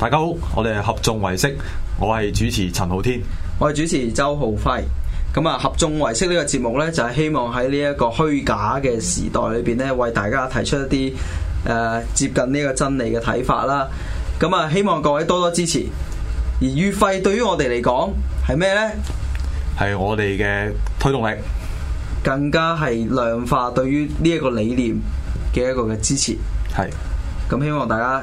大家好，我哋係合眾為識，我係主持陳浩天，我係主持周浩輝。咁啊，合眾為識呢個節目呢，就係希望喺呢一個虛假嘅時代裏邊呢，為大家提出一啲誒、呃、接近呢個真理嘅睇法啦。咁啊，希望各位多多支持。而月費對於我哋嚟講係咩呢？係我哋嘅推動力，更加係量化對於呢一個理念嘅一個嘅支持。係是，咁希望大家。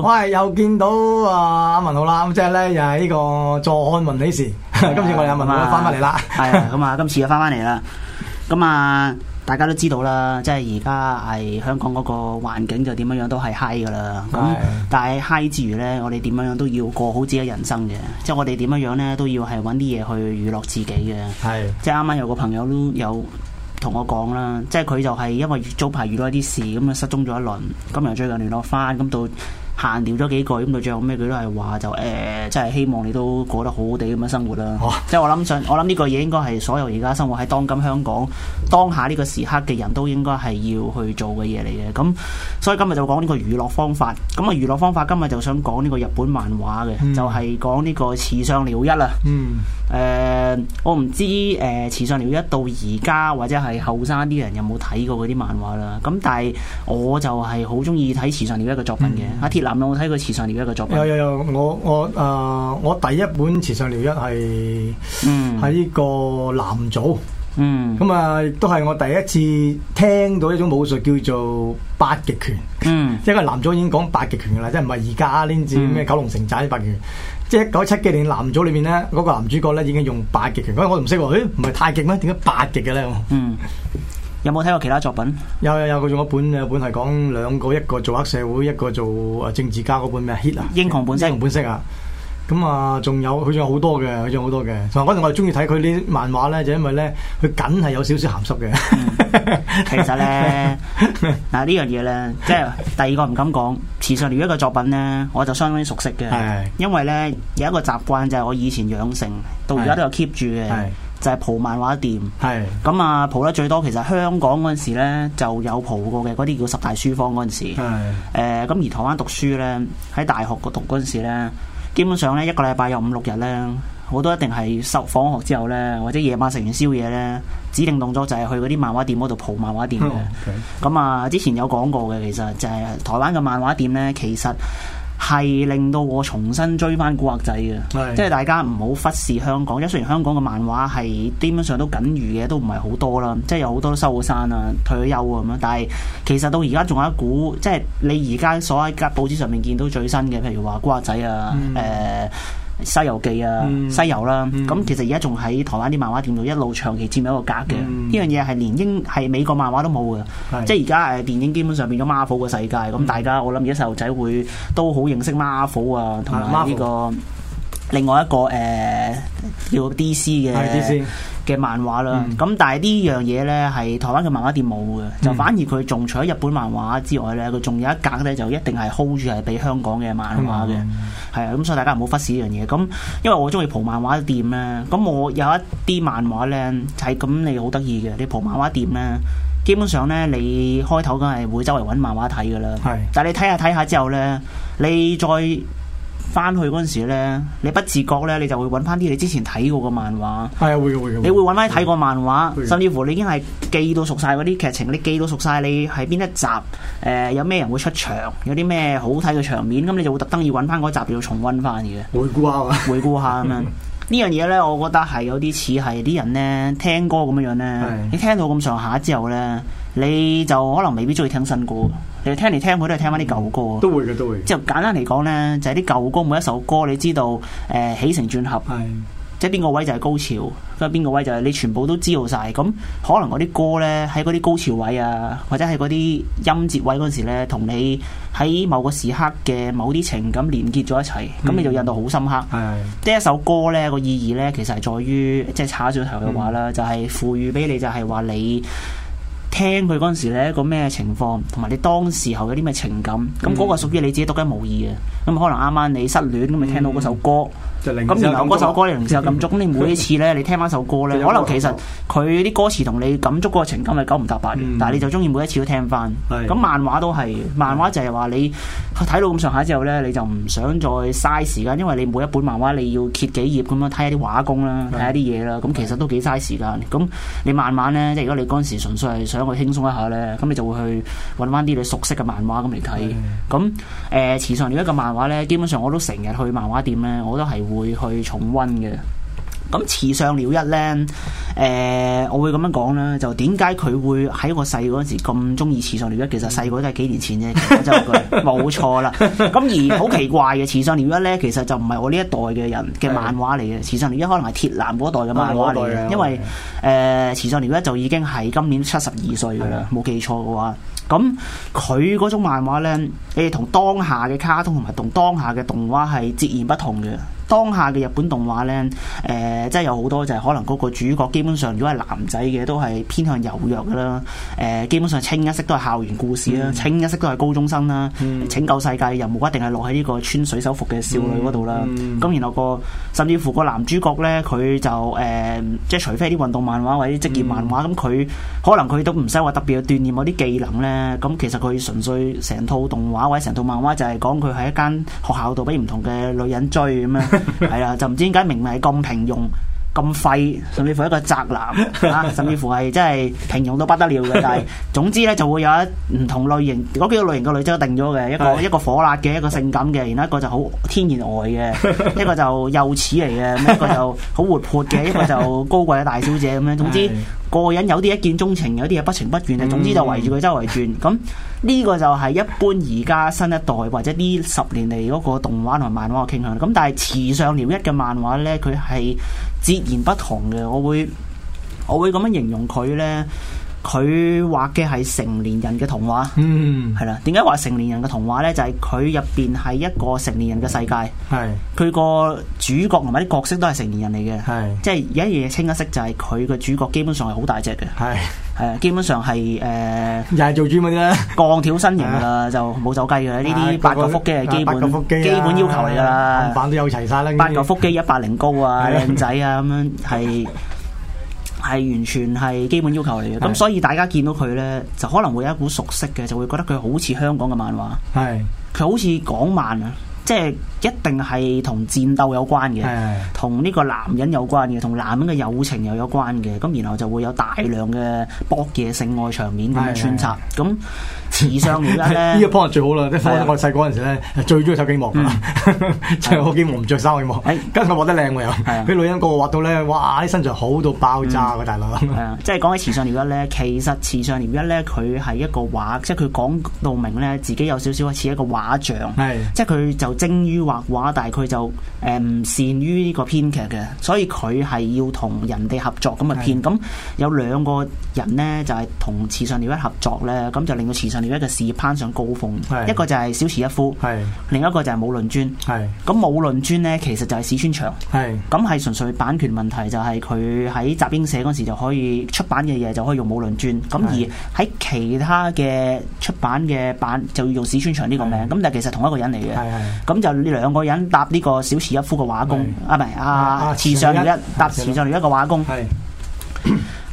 喂，又見到阿阿、啊、文豪啦，咁即係咧，又係呢、這個坐看雲起時。啊、 今次我又、啊、文豪翻翻嚟啦，係咁啊， 啊，今次又翻翻嚟啦。咁啊，大家都知道啦，即係而家係香港嗰個環境，就點樣樣都係嗨噶啦。咁、啊嗯、但係嗨之餘咧，我哋點樣樣都要過好自己人生嘅。即係我哋點樣樣咧，都要係揾啲嘢去娛樂自己嘅。係、啊，即係啱啱有個朋友都有同我講啦，即係佢就係因為早排遇到一啲事，咁啊失蹤咗一輪，今日最近聯絡翻，咁到。閒聊咗幾句，咁佢最後咩佢都係話就誒、是，即係希望你都過得好好地咁樣生活啦。Oh. 即係我諗想，我諗呢個嘢應該係所有而家生活喺當今香港當下呢個時刻嘅人都應該係要去做嘅嘢嚟嘅。咁所以今日就講呢個娛樂方法。咁、那、啊、個、娛樂方法，今日就想講呢個日本漫畫嘅，mm. 就係講呢個、呃《池上遼一》啦。嗯。我唔知誒《池上遼一》到而家或者係後生啲人有冇睇過嗰啲漫畫啦。咁但係我就係好中意睇《池上遼一》嘅作品嘅，mm. 阿鐵啊。咁啊！我睇佢《池上遼一》嘅作品。有有有，我我啊、呃，我第一本池上遼一《池上遼一》係，嗯，喺個男組，嗯，咁啊，亦都係我第一次聽到一種武術叫做八極拳，嗯，因為男組已經講八極拳噶啦，即係唔係而家呢啲咩九龍城寨八極拳，嗯、即係一九七幾年男組裏面咧，嗰、那個男主角咧已經用八極拳，因為我唔識喎，咦，唔係太極咩？點解八極嘅咧？嗯。 有冇睇過其他作品？有有有，佢仲有，有，有一本，有本係講兩個，一個做黑社會，一個做誒政治家嗰本咩？Hit 啊，英雄本色。英雄本色啊！咁啊，仲有佢仲有好多嘅，佢仲有好多嘅。同埋嗰陣我哋中意睇佢啲漫畫咧，就是、因為咧佢梗係有少少鹹濕嘅。其實咧，嗱、 啊這個、呢樣嘢咧，即係第二個唔敢講。池上遼一個作品咧，我就相當熟悉嘅，的因為咧有一個習慣就係、是、我以前養成，到而家都有 keep 住嘅。的的就係蒲漫畫店，咁啊是的、嗯、蒲得最多。其實香港嗰陣時咧，就有蒲過嘅嗰啲叫十大書坊嗰陣時。咁是的、呃、而台灣讀書呢，喺大學個讀嗰陣時呢，基本上呢，一個禮拜有五六日呢，我都一定係收放學之後呢，或者夜晚食完宵夜呢，指定動作就係去嗰啲漫畫店嗰度蒲漫畫店咁啊、oh, okay. 嗯嗯，之前有講過嘅，其實就係台灣嘅漫畫店呢，其實。係令到我重新追翻古惑仔嘅，是即係大家唔好忽視香港。因為雖然香港嘅漫畫係基本上都僅餘嘅，都唔係好多啦，即係有好多都收咗山啦、啊、退咗休咁、啊、樣。但係其實到而家仲有一股，即係你而家所喺個報紙上面見到最新嘅，譬如話古惑仔啊，誒、嗯。呃《西遊記》啊，嗯《西遊、啊》啦、嗯，咁其實而家仲喺台灣啲漫畫店度一路長期佔有一個格嘅，呢、嗯、樣嘢係連英係美國漫畫都冇嘅，是即係而家誒電影基本上變咗 Marvel 嘅世界，咁、嗯、大家我諗而家細路仔會都好認識 Marvel 啊，同埋呢個。另外一個誒、呃、叫 DC 嘅嘅 Yeah, DC. 漫畫啦，咁、mm. 但係呢樣嘢咧係台灣嘅漫畫店冇嘅，mm. 就反而佢仲除咗日本漫畫之外咧，佢仲有一格咧就一定係 hold 住係俾香港嘅漫畫嘅，係啊、mm.，咁所以大家唔好忽視呢樣嘢。咁因為我中意蒲漫畫店咧，咁我有一啲漫畫咧就係咁，你好得意嘅你蒲漫畫店咧，基本上咧你開頭梗係會周圍揾漫畫睇嘅啦，係，mm. 但係你睇下睇下之後咧，你再。翻去嗰陣時呢，你不自覺呢，你就會揾翻啲你之前睇過嘅漫畫。係啊，會嘅會嘅。會你會揾翻睇過漫畫，會甚至乎你已經係記到熟晒嗰啲劇情，你記到熟晒，你喺邊一集、呃、有咩人會出場，有啲咩好睇嘅場面，咁你就會特登要揾翻嗰集要重溫翻嘅。回顧下，下，回顧下咁樣。呢樣嘢呢，我覺得係有啲似係啲人呢聽歌咁樣樣呢。是的 你聽到咁上下之後呢，你就可能未必中意聽新歌。嗯聽嚟聽去都係聽翻啲舊歌，嗯，都會嘅，都會。即係簡單嚟講咧，就係啲舊歌，每一首歌，你知道，誒、呃，起承轉合，係的，即係邊個位就係高潮，跟住邊個位就係你全部都知道晒。咁可能嗰啲歌咧，喺嗰啲高潮位啊，或者係嗰啲音節位嗰時咧，同你喺某個時刻嘅某啲情感連結咗一齊，咁、嗯、你就印到好深刻。係的，呢一首歌咧，那個意義咧，其實係在於，即係岔住頭嘅話啦，就係、是、賦、就是嗯、予俾你，就係、是、話你。就是你聽佢嗰陣時一個咩情況，同埋你當時候有啲咩情感，咁嗰個屬於你自己獨一無二嘅。咁可能啱啱你失戀咁，咪聽到嗰首歌。咁然後嗰首歌,歌你唔只有感觸，咁你 每一次咧你聽翻首歌咧，可能其實佢啲歌詞同你感觸個情感係九唔搭八嘅，嗯嗯但係你就中意每一次都聽翻。咁是的 漫畫都係，漫畫就係話你睇到咁上下之後咧，你就唔想再嘥時間，因為你每一本漫畫你要揭幾頁咁樣睇下啲畫工啦，睇下啲嘢啦，咁是的 其實都幾嘥時間。咁是的 你慢慢咧，即係如果你嗰陣時純粹係想去輕鬆一下咧，咁你就會去揾翻啲你熟悉嘅漫畫咁嚟睇。咁誒是的，池、呃、上，遼一個漫畫咧，基本上我都成日去漫畫店咧，我都係。會去重温嘅，咁池上遼一呢，誒、呃，我會咁樣講啦。就點解佢會喺我細嗰陣時咁中意池上遼一？其實細個都係幾年前啫，冇錯、就是、 啦。咁而好奇怪嘅池上遼一呢，其實就唔係我呢一代嘅人嘅漫畫嚟嘅。池上遼一可能係鐵男嗰代嘅漫畫嚟嘅，因為誒池上遼一就已經係今年七十二歲噶啦，冇的記錯嘅話，咁佢嗰種漫畫呢，你同當下嘅卡通同埋同當下嘅動畫係截然不同嘅。當下嘅日本動畫呢，誒、呃，即係有好多就係可能嗰個主角基本上如果係男仔嘅，都係偏向柔弱嘅啦。誒、呃，基本上清一色都係校園故事啦，嗯、清一色都係高中生啦，嗯、拯救世界任務一定係落喺呢個穿水手服嘅少女嗰度啦。咁、嗯嗯、然後個甚至乎個男主角呢，佢就誒、呃，即係除非啲運動漫畫或者職業漫畫，咁佢、嗯嗯、可能佢都唔使話特別去鍛鍊某啲技能呢。咁其實佢純粹成套動畫或者成套漫畫就係講佢喺一間學校度俾唔同嘅女人追咁樣。 係啊，就唔知點解明明係咁平庸。 咁廢，甚至乎一個宅男，啊、甚至乎係真係平庸到不得了嘅。但係總之呢，就會有一唔同類型嗰幾個類型嘅女仔都定咗嘅一個的一個火辣嘅，一個性感嘅，然後一個就好天然呆嘅，一個就, 一個就幼齒嚟嘅，一個就好活潑嘅， 一個就高貴嘅大小姐咁樣。總之的個人有啲一見鐘情，有啲係不情不願啊。總之就圍住佢周圍轉咁呢個就係一般而家新一代或者呢十年嚟嗰個動畫同漫畫嘅傾向。咁但係池上遼一嘅漫畫呢，佢係。截然不同嘅，我會我會咁樣形容佢咧。佢畫嘅係成年人嘅童話，係啦。點解話成年人嘅童話咧？就係佢入邊係一個成年人嘅世界。係佢個主角同埋啲角色都係成年人嚟嘅。係即係有一樣嘢清一色，就係佢個主角基本上係好大隻嘅。係係啊，基本上係誒，又係做主角啦，鋼條身形噶就冇走雞嘅。呢啲八個腹肌係基本基本要求嚟噶啦。板都有齊晒八個腹肌一百零高啊，靚仔啊咁樣係。係完全係基本要求嚟嘅，咁所以大家見到佢呢，就可能會有一股熟悉嘅，就會覺得佢好似香港嘅漫畫，佢是的 好似港漫。即係一定係同戰鬥有關嘅，同呢個男人有關嘅，同男人嘅友情又有關嘅，咁然後就會有大量嘅博嘢性愛場面咁樣穿插。咁 池上遼一呢，呢一幫人最好啦，即係 我細個嗰時咧最中意睇景幕噶啦，即係我見我唔着衫去望，加上我畫得靚喎又，啲、哎、 女人個個畫到咧，哇啲身材好到爆炸喎大佬。嗯、 即係講起池上遼一咧，其實池上遼一咧佢係一個畫，即係佢講到明咧自己有少少似一個畫像， 即係佢就，精於畫畫，但係佢就誒唔善於呢個編劇嘅，所以佢係要同人哋合作咁啊編。咁有兩個人呢，就係同池上遼一合作呢，咁就令到池上遼一嘅事業攀上高峰。一個就係小池一夫，另一個就係武論尊。咁武論尊呢，其實就係史村翔。咁係純粹版權問題，就係佢喺集英社嗰時就可以出版嘅嘢，就可以用武論尊。咁而喺其他嘅出版嘅版，就要用史村翔呢個名。咁但係其實同一個人嚟嘅。咁就呢兩個人搭呢個小池一夫嘅畫工，的啊，唔係啊，池上遼一搭池上遼一個畫工，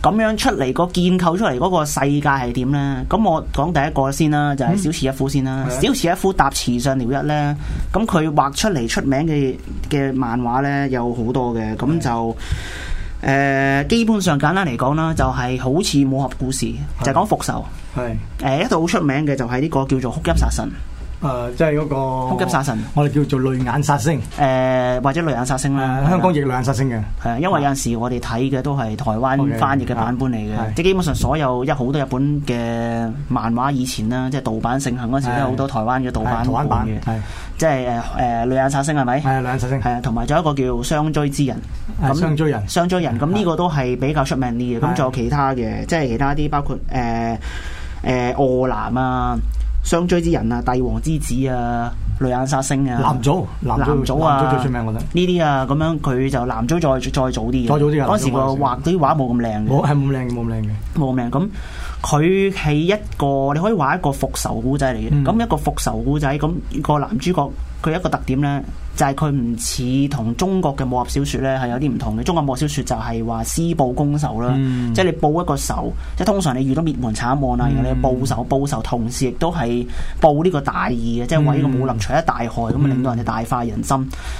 咁的樣出嚟嗰建構出嚟嗰個世界係點呢？咁我講第一個先啦，就係、是、小池一夫先啦。的小池一夫搭池上遼一呢，咁佢畫出嚟出名嘅嘅漫畫呢，有好多嘅，咁就誒的、呃、基本上簡單嚟講啦，就係好似《武俠故事》的，就係講復仇。係一度好出名嘅，就係呢個叫做《哭泣殺神》。誒，即係嗰個哭泣殺神，我哋叫做淚眼殺星，誒或者淚眼殺星啦。香港亦淚眼殺星嘅，係啊，因為有陣時我哋睇嘅都係台灣翻譯嘅版本嚟嘅，即係基本上所有一好多日本嘅漫畫以前啦，即係盜版盛行嗰時咧，好多台灣嘅盜版，台灣版，係即係誒淚眼殺星係咪？係淚眼殺星，係啊，同埋仲有一個叫傷追之人，傷追人，傷追人，咁呢個都係比較出名啲嘅。咁仲有其他嘅，即係其他啲包括誒誒惡男啊。雙追之人啊，帝王之子啊，雷眼殺星啊，男組男組，男組啊，男組最出名我哋呢啲啊，咁樣佢就男組再再早啲，再早啲啊，當時個畫啲畫冇咁靚嘅，係冇咁靚嘅，冇咁靚嘅，冇咁靚。咁佢係一個你可以畫一個復仇古仔嚟嘅，咁、嗯、一個復仇古仔，咁、那個男主角佢一個特點咧。就係佢唔似同中國嘅武俠小説咧，係有啲唔同嘅。中國武俠小説就係話私報公仇啦，嗯、即係你報一個仇，即係通常你遇到滅門慘案啊，然後你報仇，報仇同時亦都係報呢個大義嘅，嗯、即係為呢個武林除一大害，咁令到人哋大快人心。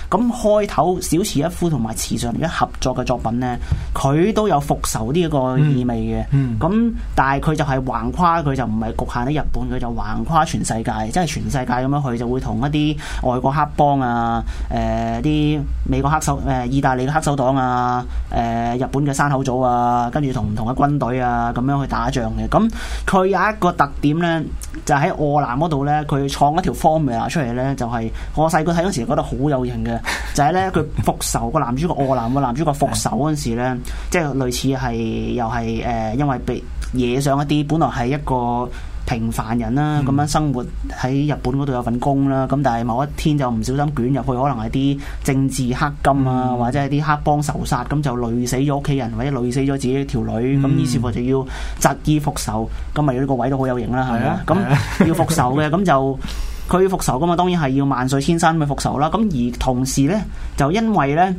咁、嗯、開頭小池一夫同埋池上遼一合作嘅作品咧，佢都有復仇呢一個意味嘅。咁、嗯嗯、但係佢就係橫跨，佢就唔係局限喺日本，佢就橫跨全世界，即係全世界咁樣去，佢就會同一啲外國黑幫啊。誒、啲、呃、美國黑手、誒、呃、意大利嘅黑手黨啊、誒、呃、日本嘅山口組啊，跟住同唔同嘅軍隊啊，咁樣去打仗嘅。咁、嗯、佢有一個特點呢，就喺臥男嗰度呢，佢創一條 formula 出嚟呢，就係、是、我細個睇嗰時覺得好有型嘅，就係、是、呢，佢復仇個男主角臥男個男主角復仇嗰陣時咧，即係類似係又係誒、呃，因為被惹上一啲本來係一個。平凡人啦，咁樣、嗯、生活喺日本嗰度有份工啦，咁但係某一天就唔小心捲入去，可能係啲政治黑金啊，嗯、或者係啲黑幫仇殺，咁就累死咗屋企人，或者累死咗自己條女，咁於、嗯、是乎就要執意復仇，咁咪呢個位都好有型啦，係啊，咁、啊、要復仇嘅，咁就佢要復仇噶嘛，當然係要萬水千山去復仇啦。咁而同時呢，就因為呢，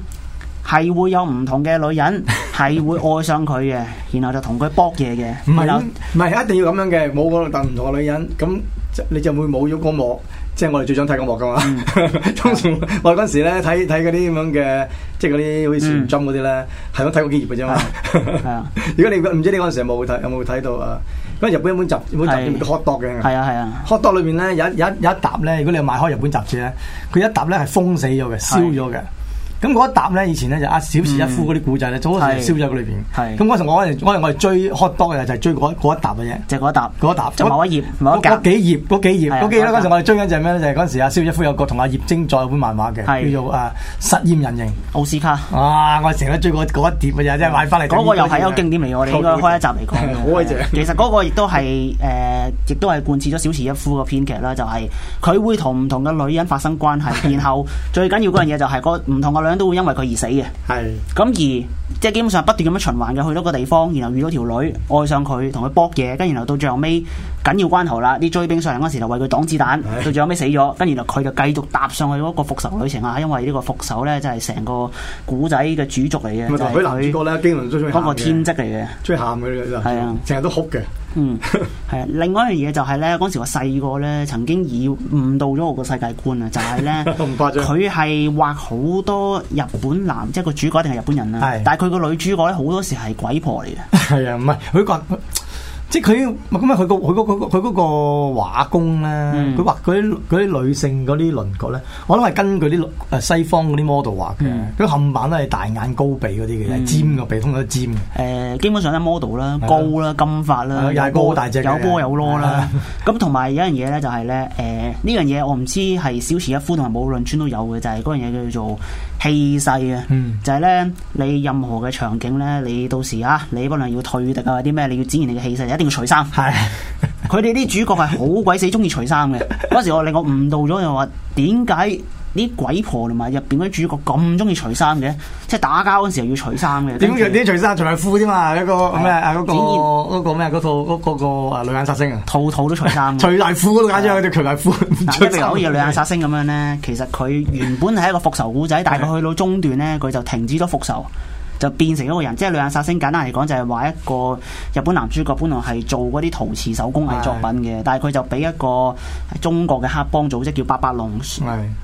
係會有唔同嘅女人。 係會愛上佢嘅，然後就同佢搏嘢嘅。唔係唔係一定要咁樣嘅，冇個鄧唔同嘅女人，咁你就會冇咗個幕。即係我哋最想睇個幕噶嘛。當時我嗰陣時咧睇睇嗰啲咁樣嘅，即係嗰啲好似船針嗰啲咧，係咁睇過幾頁嘅啫嘛。 如果你唔知你嗰陣時有冇睇有冇睇到啊？日本一本集一本集叫 Hot Dog 嘅。係啊係啊 Hot Dog 裏邊咧有一有一有一疊咧，如果你係買開日本雜誌咧，佢一疊咧係封死咗嘅，燒咗嘅。咁嗰一集咧，以前咧就阿小池一夫嗰啲古仔咧，早嗰陣係肖仔嗰裏邊。咁嗰陣我我我哋追多嘅就係追嗰一集嘅啫。就嗰一集，嗰一集。就某一頁，某嗰幾頁，嗰幾頁，嗰幾頁。嗰陣我哋追緊就咩咧？就係嗰陣時啊小池一夫有同阿葉精作在本漫畫嘅，叫做啊實驗人形奧斯卡。哇！我成日追過嗰一碟嘅啫，即係買翻嚟。嗰個又係一個經典嚟，我哋應該開一集嚟講。其實嗰個亦都係誒，亦都係貫徹咗小池一夫嘅編劇啦，就係佢會同唔同嘅女人發生關係，然後最緊要嗰樣嘢就係唔同嘅。樣都會因為佢而死嘅，係咁的而即係基本上不斷咁樣循環嘅，去到個地方，然後遇到條女，愛上佢，同佢搏嘢，跟然後到最後尾緊要關頭啦，啲追兵上嚟嗰時，就為佢擋子彈，的到最後尾死咗，跟然後佢就繼續踏上去嗰個復仇旅程啊，因為個復呢個復仇咧，就係成個古仔嘅主軸嚟嘅。咪就俾男主角咧，的經常個天職嚟嘅，最喊嘅就係啊，成日都哭嘅，嗯，係啊。 另外一樣嘢就係、是、咧，嗰時我細個咧，曾經以誤導咗我個世界觀啊，就係、是、咧，佢係畫好多。日本男即係個主角，一定係日本人啦。的但係佢個女主角咧，好多時係鬼婆嚟嘅。係啊，唔係佢個，即係佢咁啊！佢、嗰個佢個佢個畫工咧，佢畫嗰啲啲女性嗰啲輪廓咧，我諗係根據啲誒西方嗰啲 model 畫嘅。佢冚版都係大眼高鼻嗰啲嘅，係、嗯、尖個鼻尖，通得尖誒，基本上咧 model 啦，高啦的髮，金發啦，啊、高大隻，有波有咯。啦的。咁同埋有樣嘢咧，就係咧，誒呢樣嘢我唔知係小池一夫同埋武論尊都有嘅，就係嗰樣嘢叫做。氣勢啊，嗯、就係咧，你任何嘅場景咧，你到時啊，你可能要退敵啊，啲咩你要展現你嘅氣勢，一定要除衫。係，佢哋啲主角係好鬼死中意除衫嘅。嗰 時我令我誤導咗，又話點解？啲鬼婆同埋入邊嗰啲主角咁中意除衫嘅，即係打交嗰陣時候要著除衫嘅。點除？點除衫？除大褲啫嘛，一個咩啊？嗰個嗰個咩？嗰套嗰嗰個啊！淚眼殺星啊！套套都除衫。除大 褲，褲，簡直係對除大褲。嗱， 九二淚眼殺星咁樣咧，其實佢原本係一個復仇故仔， 但係佢去到中段咧，佢就停止咗復仇。就變成一個人，即係淚眼殺星。簡單嚟講，就係話一個日本男主角，本來係做嗰啲陶瓷手工藝作品嘅，是的 但係佢就俾一個中國嘅黑幫組織叫百八龍睇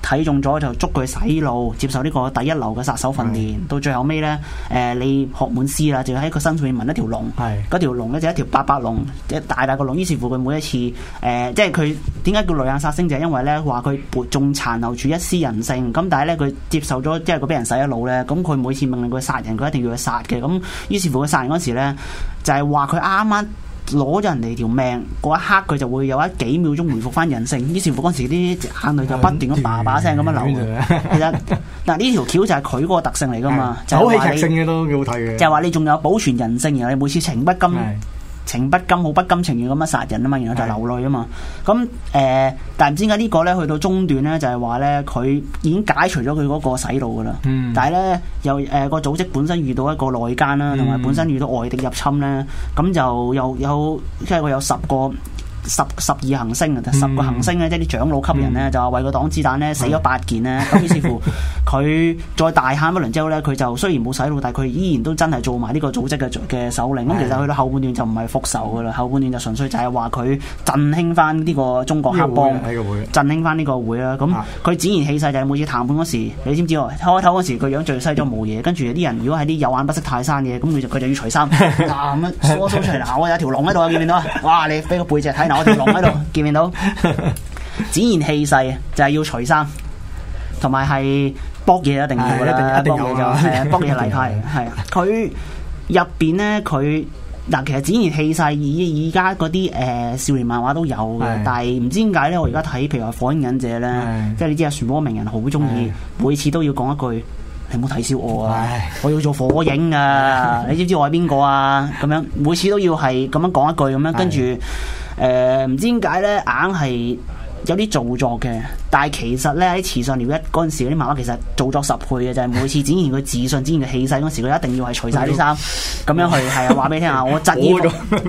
是的 中咗，就捉佢洗腦，接受呢個第一流嘅殺手訓練。是的 到最後尾呢，誒、呃、你學滿師啦，就喺佢身上面紋一條龍，嗰是的 條龍咧就一條百八龍，一大大個龍。於是乎佢每一次誒、呃，即係佢點解叫淚眼殺星，就係、是、因為呢話佢仲殘留住一絲人性。咁但係呢，佢接受咗，即係佢俾人洗咗腦呢。咁佢每次命令佢殺人。一定要去殺嘅，咁於是乎佢殺人嗰時咧，就係話佢啱啱攞咗人哋條命嗰一刻，佢就會有一幾秒鐘回復翻人性。於是乎嗰時啲眼淚就不斷咁叭叭聲咁樣流嘅。嗯嗯嗯嗯嗯、其實嗱呢條橋就係佢嗰個特性嚟噶嘛，嗯、就戲劇性嘅都幾好睇嘅，就係話你仲有保存人性，然後你每次情不甘。嗯嗯情不甘好不甘情願咁樣殺人啊嘛，然後就流淚啊嘛。咁誒，但係唔知點解呢個咧，去到中段咧，就係話咧，佢已經解除咗佢嗰個洗腦噶啦。嗯但呢。但係咧，又誒個組織本身遇到一個內奸啦，同埋本身遇到外敵入侵咧，咁、嗯、就又有，有即係我有十個。十十二行星啊，十個行星咧，即係啲長老級人咧，就話為個擋子彈咧死咗八件咧。咁、嗯、於是乎佢再大喊一輪之後呢，佢就雖然冇洗腦，但係佢依然都真係做埋呢個組織嘅嘅首領。咁其實去到後半段就唔係復仇噶啦，嗯、後半段就純粹就係話佢振興翻呢個中國黑幫，會振興翻呢個會啊。咁佢展然氣勢就係每次談判嗰時，你知唔知啊？開頭嗰時佢樣最細咗冇嘢，跟住啲人如果係啲有眼不識泰山嘅，咁佢就佢就要除衫，咁、啊、樣梳梳除牙，我有條龍喺度啊，見唔見到啊？哇、啊啊啊啊啊！你俾個背脊睇。啊 嗯、我哋落喺度，見唔見到？展現氣勢就係要除衫，同埋係搏嘢一定要，一定搏嘢就搏嘢嚟。係，係啊！佢入邊咧，佢嗱其實展現氣勢，以而家嗰啲誒少年漫畫都有嘅，的但係唔知點解咧？我而家睇，譬如話《火影忍者》咧的，即係你知阿漩渦鳴人好鍾意，的每次都要講一句：你唔好睇笑我啊！的 我要做火影啊！你知唔知我係邊個啊？咁樣每次都要係咁樣講一句咁樣，跟住。誒，唔、呃、知呢點解咧，硬係有啲造作嘅。但係其實咧喺池上遼一嗰陣時啲媽媽，其實做作十倍嘅，就係、是、每次展現佢自信，展現佢氣勢嗰時，佢一定要係除晒啲衫咁樣去。係啊，話俾你聽啊，我執意，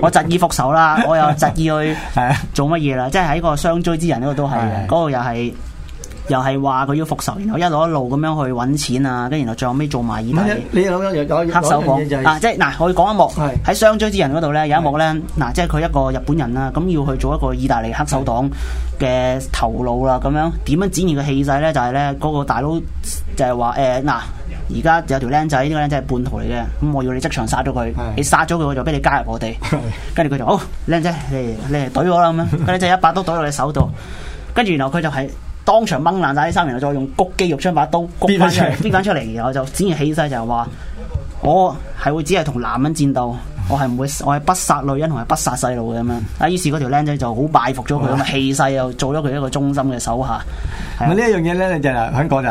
我執意復仇啦，我又執意去誒做乜嘢啦。即係喺個傷追之人呢度、這個、都係嗰 個又係。 又係話佢要復仇，然後一路一路咁樣去搵錢啊，跟住然後最後尾做埋意大利黑手黨、就是啊、即係嗱，我要講一幕喺雙是追之人嗰度咧，有一幕咧，嗱是、啊，即係佢一個日本人啦，咁要去做一個意大利黑手黨嘅頭腦啦，咁樣點樣展現個氣勢咧？就係、是、咧，嗰、那個大佬就係話誒，嗱、欸，而家有條僆仔，呢、這個僆仔係叛徒嚟嘅，咁、嗯、我要你即場殺咗佢，是你殺咗佢我就俾你加入我哋，跟住佢就好，僆、哦、仔你你懟我啦咁樣，就一把刀懟落你手度，跟住然後佢就係。當場掹爛晒啲衫，再用谷肌肉將把刀谷翻出嚟，谷翻出嚟，然後就展現氣勢就話我係會只係同男人戰鬥，我係唔會，我係不殺女人同埋不殺細路嘅咁樣。啊，於是嗰條僆仔就好拜服咗佢，咁氣勢又做咗佢一個忠心嘅手下。咁呢一樣嘢咧，你就香港就？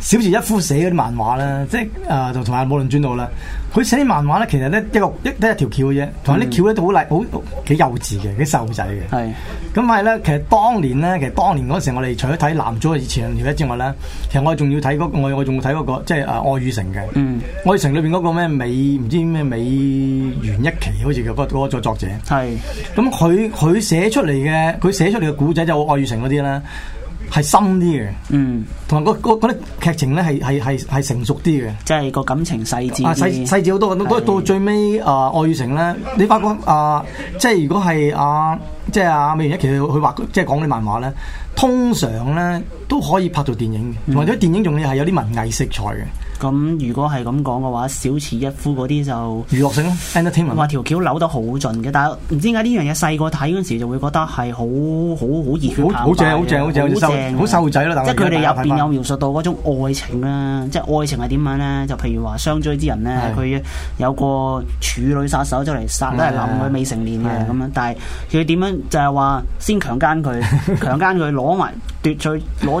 小池一夫寫嗰啲漫畫啦，即係誒就同埋《武論尊》到啦。佢寫啲漫畫咧，其實咧一個一得一條橋嘅啫，同埋啲橋咧都好麗好幾幼稚嘅幾瘦仔嘅。係咁係咧，其實當年咧，其實當年嗰陣時，我哋除咗睇《男組》以前條嘅之外咧，其實我仲要睇嗰、嗰個、我我仲要睇嗰、嗰個即係誒《就係、愛與城》嘅。嗯，愛《愛城》裏邊嗰個咩美唔知咩美元一期好似、嗰個、嗰個作作者係咁佢佢寫出嚟嘅佢寫出嚟嘅古仔就係、愛與城嗰啲啦。係深啲嘅，嗯，同埋嗰啲劇情咧，係係係係成熟啲嘅，即係個感情細緻，細細緻好多。到是到最尾啊，愛與誠咧，你發覺啊、呃，即係如果係啊、呃，即係啊，梶原一騎佢話，即係講啲漫畫咧，通常咧。都可以拍到電影嘅，或者電影仲係有啲文藝色彩嘅。咁如果係咁講嘅話，小池一夫嗰啲就娛樂性咯。聽聞話條橋扭得好盡嘅，但係唔知點解呢樣嘢細個睇嗰陣時就會覺得係好好好熱血，好正好正好正好正，好瘦仔。即係佢哋入邊有描述到嗰種愛情啦，即係愛情係點樣咧？就譬如話傷追之人咧，佢有個處女殺手就嚟殺咧，男女未成年嘅咁樣，但係佢點樣就係話先強姦佢，強姦佢攞埋奪取攞。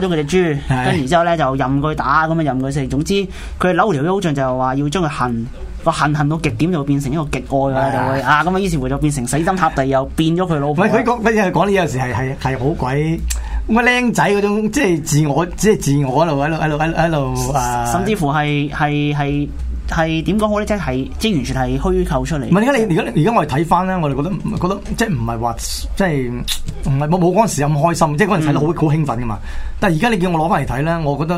咗佢隻豬，跟住之後咧就任佢打，咁啊任佢食。總之佢扭條腰，好像就話、係、要將佢恨個恨恨到極點，就會變成一個極愛啦，就會係啊咁啊。於是乎就變成死心塌地，又變咗佢老婆。佢講，反正係講呢有陣時，係係係好鬼。咁啊，靚仔嗰種，即係自我，即係自我喺度喺度喺度喺度啊！Uh，甚至乎係係係係點講好咧？即係即係完全係虛構出嚟。唔係而家你而家而家我哋睇翻咧，我哋覺得覺得即係唔係話即係唔係冇冇嗰陣時咁開心，即係嗰陣睇到好好興奮噶嘛。但係而家你叫我攞翻嚟睇咧，我覺得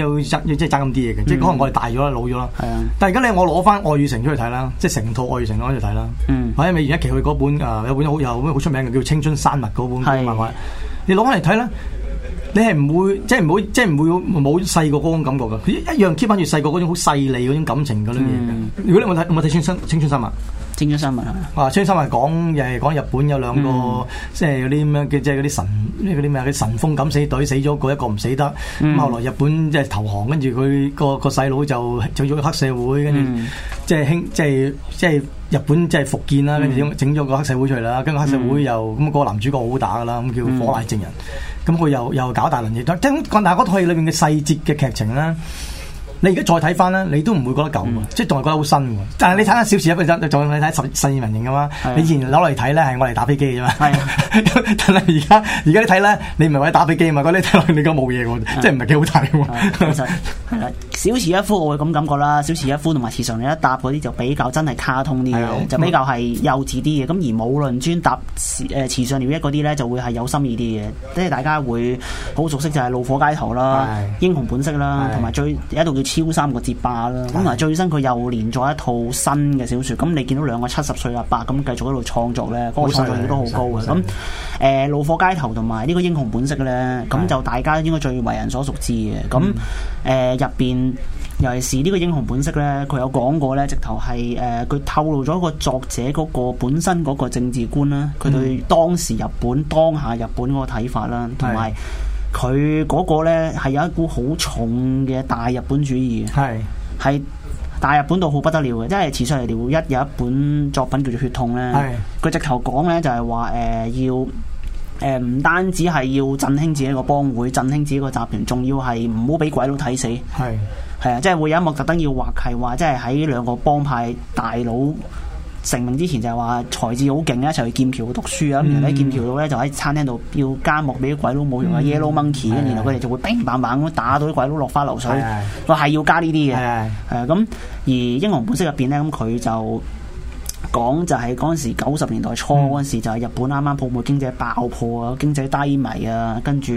又即係爭咁啲嘢嘅，即係、嗯、可能我哋大咗啦，老咗啦。係啊、嗯！但係而家你我攞翻《愛與城》出去睇啦，即係成套《愛與城》攞去睇啦。嗯，因為咪而家佢嗰本啊，有本好有好出名嘅，叫《青春山脈》嗰本漫畫。你攞翻嚟睇啦，你係唔會即係唔會即係唔會冇細個嗰種感覺噶，佢一樣 keep 翻住細個嗰種好細膩嗰種感情嗰啲嘢。嗯，如果你冇睇冇睇《青春青春三啊》。《青春三文》啊，啊《青春三文》講又係講日本有兩個，嗯、即係嗰啲咁樣嘅，即係啲神，啲咩啲神風敢死隊死咗一個，一個唔死得。咁、嗯、後來日本即係投降，跟住佢個個細佬就做咗黑社會，跟住即係興即係即係日本即係復建啦跟住整咗個黑社會出嚟啦。跟住黑社會又咁、嗯、個男主角好打噶啦，咁叫火辣證人。咁佢、嗯、又又搞大輪嘢，聽講但係嗰套戲裏面嘅細節嘅劇情啦。你而家再睇翻咧，你都唔會覺得舊嘅，即係仲係覺得好新嘅。但係你睇下《小池一夫》，就你睇十十二人形嘅嘛？你以前攞嚟睇咧係我嚟打飛機嘅啫嘛。但係而家而家你睇咧，你唔係為打飛機啊嘛？嗰啲睇落嚟你覺得冇嘢喎，即係唔係幾好睇喎？係啦，《小池一夫我會咁感覺啦，《小池一夫同埋《池上遼一搭》嗰啲就比較真係卡通啲嘅，就比較係幼稚啲嘅。咁而無論專搭誒《池上遼一》嗰啲咧，就會係有心意啲嘅，即係大家會好熟悉就係《怒火街頭》啦，《英雄本色》啦，同埋最一套叫。超三個節霸啦，咁同的最新佢又連載一套新嘅小説，咁的你見到兩個七十歲阿伯咁繼續喺度創作呢，嗰個創作率都好高嘅。咁誒的《怒火街頭》同埋呢個《英雄本色》呢，咁的就大家應該最為人所熟知嘅。咁入邊，尤其是呢個《英雄本色》呢，佢有講過呢，直頭係誒佢透露咗個作者嗰個本身嗰個政治觀啦，佢對當時日本、當下日本嗰個睇法啦，同埋的。的佢嗰個呢係有一股好重嘅大日本主義嘅，係是大日本到好不得了嘅，即係睇出嚟呢，一有一本作品叫做《血痛》呢，佢是直頭講呢就係話誒要誒唔、呃、單止係要振興自己個幫會，振興自己個集團，仲要係唔好俾鬼佬睇死，係係啊，即係會有一幕特登要話係話，即係喺兩個幫派大佬。成名之前就係話才智好勁，一齊去劍橋度讀書啊！咁嚟喺劍橋度咧，就喺餐廳度要加木俾啲鬼佬冇用啊！Yellow Monkey，然後佢哋就會乒乒砰砰咁打到啲鬼佬落花流水，我係 要加呢啲嘅。誒咁對、啊，而英雄本色入邊咧，咁佢就。講就係嗰陣時九十年代初嗰陣、嗯、時就係日本啱啱泡沫經濟爆破啊，經濟低迷啊，跟住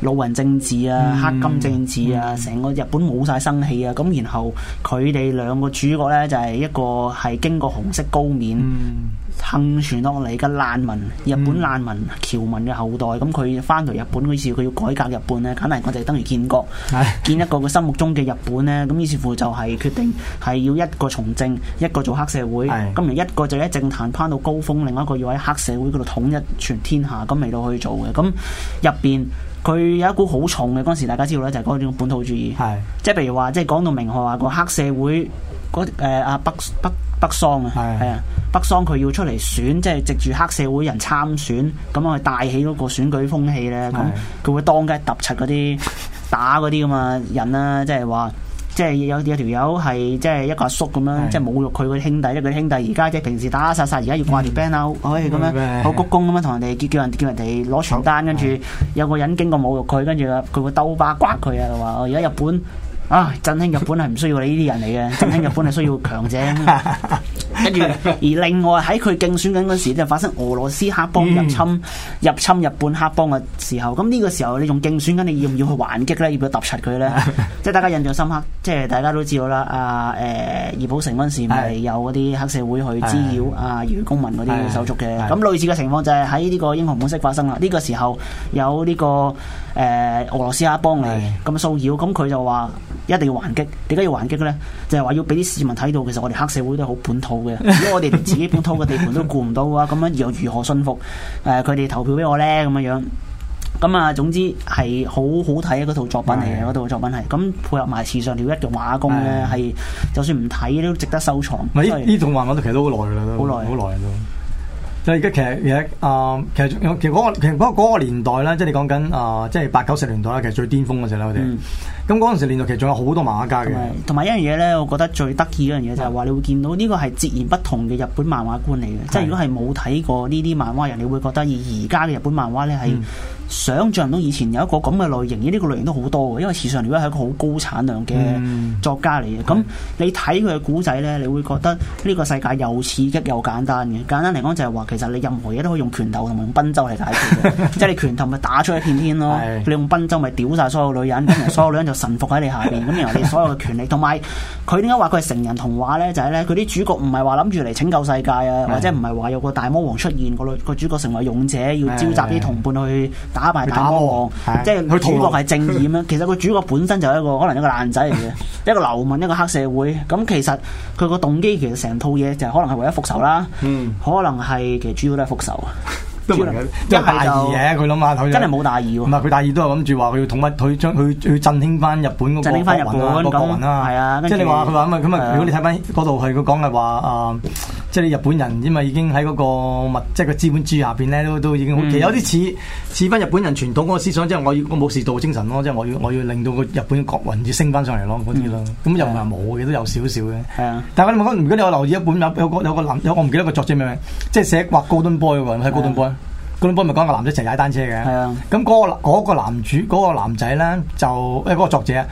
老人政治啊、嗯、黑金政治啊，成、嗯、個日本冇晒生氣啊，咁然後佢哋兩個主角呢，就係、是、一個係經過紅色高棉，嗯幸存落嚟嘅難民，日本難民、嗯、僑民嘅後代，咁佢翻到日本嗰時，佢要改革日本呢。梗係我哋等於建國，唉建一個佢心目中嘅日本呢。咁於是乎就係決定係要一個從政，一個做黑社會，咁唉而一個就喺政壇攀到高峰，另外一個要喺黑社會嗰度統一全天下，咁嚟到可以做嘅，咁入邊佢有一股好重嘅，嗰時大家知道咧，就係嗰種本土主義，唉即係譬如話，即係講到明話個黑社會誒阿北北。北北北桑啊，係啊的，北桑佢要出嚟選，即、就、係、是、藉住黑社會人參選，咁樣去帶起嗰個選舉風氣咧。咁佢的會當街揼柒嗰啲打嗰啲咁啊人啦，即係話，即、就、係、是、有有條友係即係一個阿、就是、叔咁啦，即係的侮辱佢個兄弟，佢個兄弟而家即係平時打打殺殺，而家要掛條 band 咁、嗯哦、樣好鞠躬咁樣同人哋叫叫人叫人哋攞傳單，跟住的、嗯、有個人經過侮辱佢，跟住佢會兜巴刮佢啊，就話而家日本。啊！振興日本係唔需要你呢啲人嚟嘅，振興日本係需要強者。跟住，而另外喺佢競選緊嗰時，就發生俄羅斯黑幫入侵、入侵日本黑幫嘅時候。咁呢個時候，你仲競選緊，你要唔要去還擊咧？要唔要揼出佢咧？即係 大家印象深刻，即係大家都知道啦。阿誒葉寶成嗰時咪有嗰啲黑社會去滋擾 啊，議公民嗰啲手續嘅。咁 類似嘅情況就係喺呢個英雄本色發生啦。呢、這個時候有呢、這個誒、呃、俄羅斯黑幫嚟咁騷擾，咁佢就話。一定要還擊，點解要還擊咧？就係話要俾啲市民睇到，其實我哋黑社會都係好本土嘅，如果我哋連自己本土嘅地盤都顧唔到啊，咁 樣又如何信服誒佢哋投票俾我咧？咁樣樣，咁啊，總之係好好睇啊！嗰套作品嚟嘅，嗰的套作品係咁配合埋池上遼一嘅畫工咧，係的就算唔睇都值得收藏。呢呢種畫我其實都騎咗好耐噶啦，都好耐好耐都。所以而家其實嘢啊，其實其實嗰、嗰個其實嗰個年代咧，即係你講緊啊，即、呃、係、即係、八九十年代啊，其實最巔峯嘅時候啦，我哋。咁嗰陣時年代其實仲有好多漫畫家嘅。同埋一樣嘢咧，我覺得最得意一樣嘢就係、係、話，嗯、你會見到呢個係截然不同嘅日本漫畫觀嚟嘅。嗯、即係如果係冇睇過呢啲漫畫人，你會覺得而家嘅日本漫畫咧係。想象唔到以前有一個咁嘅類型，呢啲個類型都好多因為池上遼一係一個好高產量嘅作家嚟嘅。咁、嗯、你睇佢嘅古仔呢，嗯、你會覺得呢個世界又刺激又簡單嘅。簡單嚟講就係話，其實你任何嘢都可以用拳頭同埋用賓周嚟解決 即係你拳頭咪打出一片天咯， 你用賓周咪屌晒所有女人，然後 所有女人就臣服喺你下邊。咁然後你所有嘅權力。同埋佢點解話佢係成人童話呢？就係、是、呢，佢啲主角唔係話諗住嚟拯救世界啊， 或者唔係話有個大魔王出現，個女主角成為勇者要召集啲同伴去。打敗大魔王，即係佢主角係正義咧。其實佢主角本身就係一個可能一個爛仔嚟嘅，一個流民，一個黑社會。咁其實佢個動機其實成套嘢，就係可能係為咗復仇啦。可能係其實主要都係復仇。都唔係大義嘅，佢諗下，佢真係冇大義喎。唔係佢大義都係諗住話佢要統一，佢將佢要振興翻日本嗰個國魂啊！係啊，即係你話佢話咁啊咁啊！如果你睇翻嗰度係佢講嘅話啊。即係日本人，因為已經喺嗰個物，即係個資本主義下邊咧，都都已經好。其實、嗯、有啲似似翻日本人傳統嗰個思想，即係我要個武士道精神咯，即係我要我要令到個日本國運要升翻上嚟咯啲咯。咁又唔係冇嘅，都、嗯、有少少嘅。但係我問你，如果你有留意一本有有個有個男，我唔記得個作者名，即係寫畫《高登波》喎、嗯，係《高登波》。《高登波》咪講個男仔一齊踩單車嘅。咁嗰、嗯嗰個、嗰個男主嗰、嗰個男仔咧，就誒嗰個作者。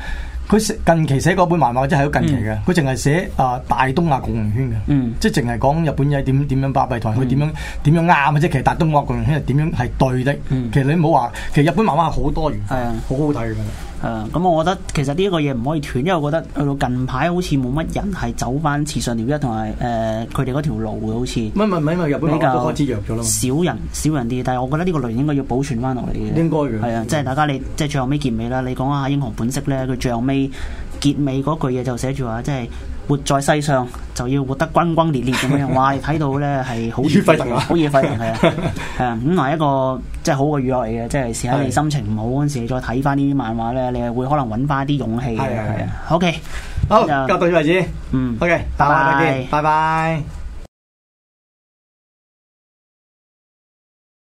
佢近期寫嗰本漫畫，即係好近期嘅。佢淨係寫啊、呃、大東亞共榮圈嘅、嗯，即係淨係講日本仔點點樣巴閉台，佢點樣點樣啱嘅啫。即係其實大東亞共榮圈係點樣係對的。嗯、其實你唔好話，其實日本漫畫係好多元素，嗯、好好睇嘅。誒，咁、嗯嗯、我覺得其實呢一個嘢唔可以斷，因為我覺得去到近排好似冇乜人係走翻池上遼一同埋誒佢哋嗰條路嘅，好似。唔係唔係唔係，日本開始弱，比較少人少人啲，但係我覺得呢個類型應該要保存翻落嚟嘅。應該嘅。啊對、嗯，即係大家你即係最後尾結尾啦，你講下英雄本色咧，佢最後尾結尾嗰句嘢就寫住話，即係。活在世上就要活得轟轟烈烈咁樣， 哇！你睇到咧，係好熱血，好熱血嚟嘅，係啊。咁係一個即係好嘅娛樂嚟嘅，即係試下你心情唔好嗰陣時，你再睇翻呢啲漫畫咧，你係會可能揾翻啲勇氣嘅。係啊，係啊。好嘅，好，今日就到此為止。嗯，好嘅，拜拜，拜拜。拜拜。